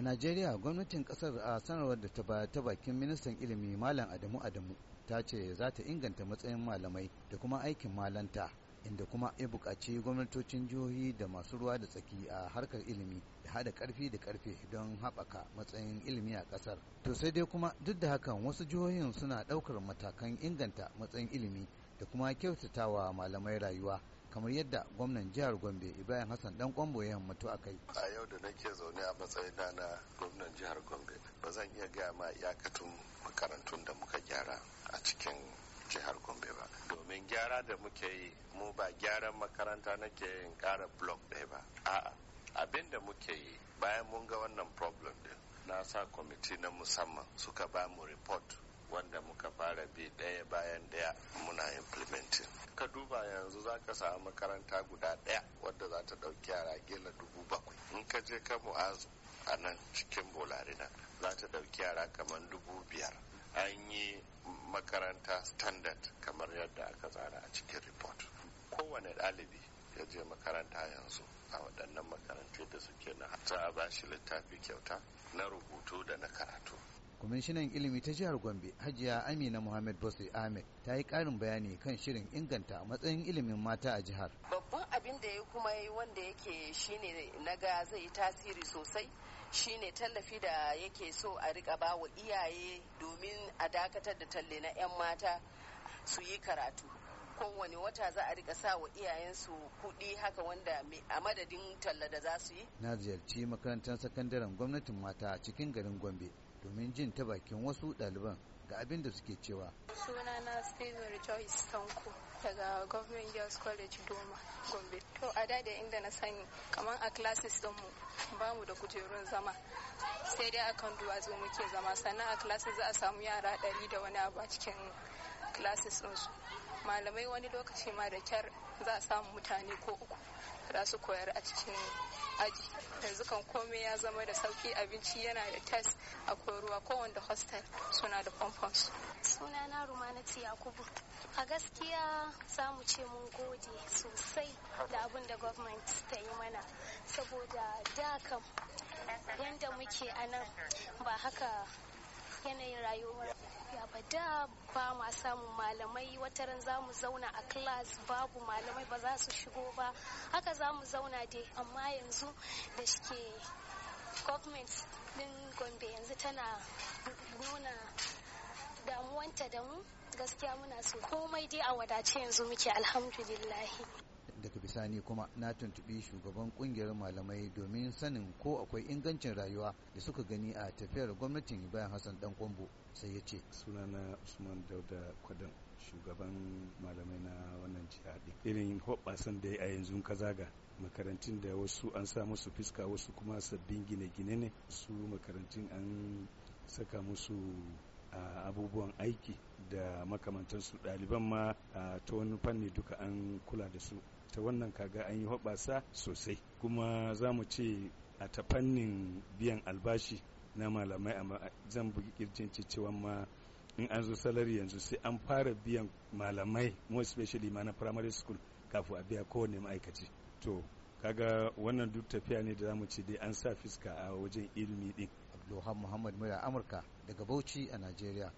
a najeriya gwamnatin kasar a sanarwar da ta ta bakin ministan ilimi malam adamu adamu ta ce za ta inganta matsayin malamai da kuma aikin malanta inda kuma ya buƙaci gwamnatocin jihohi da masu ruwa da tsaki a harkar ilimi da haɗa ƙarfi da ƙarfe don haɓaka matsayin ilimi a ƙasar to sai dai kuma duk da hakan wasu jihohin suna ɗaukar matakan inganta matsayin ilimi da kuma kyautatawa malamai rayuwa kamar yadda gwamnan jihar gombe ibrahim hassan dan kwambo ya mutu a kai a yau da nake zaune a matsayin na gwamnan jihar gombe ba zan iya gaya ma iyakatun makarantun da muka gyara a cikin jihar gombe ba domin gyara da muke yi mu ba gyaran makaranta nake yin kara block ɗaya ba a'a abin da muke yi bayan mun ga wannan problem din na sa kwamiti na musamman suka ba mu report wanda muka fara bi ɗaya bayan ɗaya muna implementing ka duba yanzu za ka samu makaranta guda ɗaya wadda za ta ɗauki yara gila dubu bakwai in ka je ka mu'azu a nan cikin bolarina za ta ɗauki yara kamar dubu biyar an yi makaranta standard kamar yadda aka tsara a cikin report kowane ɗalibi ya je makaranta yanzu a waɗannan makarantu da suke na za ba shi littafi kyauta na rubutu da na karatu kwamishinan ilimi ta jihar gombe hajiya amina muhammad bose ahmed ta yi karin bayani kan shirin inganta matsayin ilimin mata a jihar babban abin da ya kuma yi wanda yake shine naga zai yi tasiri sosai shine tallafi da yake so a rika ba wa iyaye domin a dakatar da talle na 'yan mata su yi karatu kowane wata za a rika sa wa iyayensu kuɗi haka wanda a madadin talla da za su yi na ziyarci makarantar sakandaren gwamnatin mata a cikin garin gombe domin jin ta bakin wasu ɗaliban ga abin da suke cewa. Sunana Steven Joyce Tanko daga Government Girls College Doma, Gombe. To a da inda na sani kamar a classes ɗinmu ba mu da kujerun zama. Sai dai akan duwatsu muke zama sannan a classes za a samu yara ɗari da wani abu a cikin classes ɗinsu. Malamai wani lokaci ma da kyar za a samu mutane ko uku. za su koyar a cikin aji yanzu kan komai ya zama da sauki abinci yana da test akwai ruwa kowanda hostel suna da pompons suna na rumana yakubu a gaskiya za mu ce mun gode sosai da abin da gwamnati ta yi mana saboda da yadda muke a nan ba haka yanayin rayuwar lafiya ba da ba ma samun malamai wataran za mu zauna a class babu malamai ba za su shigo ba haka za mu zauna dai amma yanzu da shike government din gombe yanzu tana nuna damuwanta da mu gaskiya muna so komai dai a wadace yanzu muke alhamdulillahi bisani kuma na tuntubi shugaban kungiyar malamai domin sanin ko akwai ingancin rayuwa da suka gani a tafiyar gwamnatin bayan hassan dan kwambo sai ya ce sunana usman dauda kwadon shugaban malamai na wannan jiha irin hoɓasan da ya a yanzu ka zaga makarantun da wasu an sa musu fiska wasu kuma sabbin gine-gine ne su makarantun an saka musu a abubuwan aiki da makamantansu ɗaliban ma a ta wani fanni duka an kula da su ta wannan kaga an yi hoɓasa sosai kuma za mu ce a ta fannin biyan albashi na malamai amma zan bugi kirjin cewa ma in an zo salari yanzu sai an fara biyan malamai more especially ma na primary school kafin a biya kowane ma'aikaci to kaga wannan duk tafiya ne da za mu ce dai an sa fiska a wajen ilimi din Abdulhamid Muhammad maya Amurka daga Bauchi a Najeriya